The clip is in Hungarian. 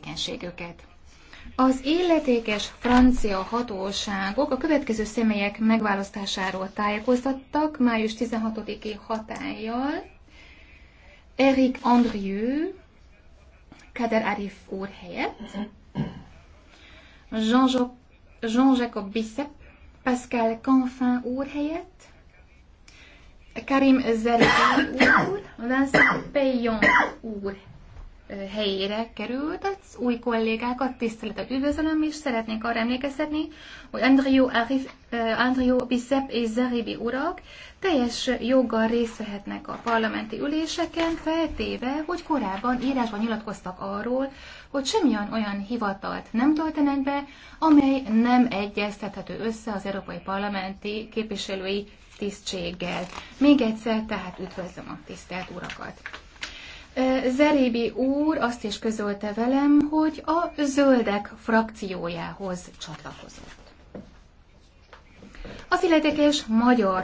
tevékenységüket. Az illetékes francia hatóságok a következő személyek megválasztásáról tájékoztattak május 16-i hatállyal. Eric Andrieu, Kader Arif úr helyett, Jean-Jacques Bissep, Pascal Canfin úr helyett, Karim Zerbi úr, Vincent Payon úr helyére került, az új kollégákat tiszteletet üdvözlöm, és szeretnék arra emlékeztetni, hogy Andrió, Bisep és Zaribi urak teljes joggal részt vehetnek a parlamenti üléseken, feltéve, hogy korábban írásban nyilatkoztak arról, hogy semmilyen olyan hivatalt nem töltenek be, amely nem egyeztethető össze az európai parlamenti képviselői tisztséggel. Még egyszer tehát üdvözlöm a tisztelt urakat! Zerébi úr azt is közölte velem, hogy a zöldek frakciójához csatlakozott. Az illetékes magyar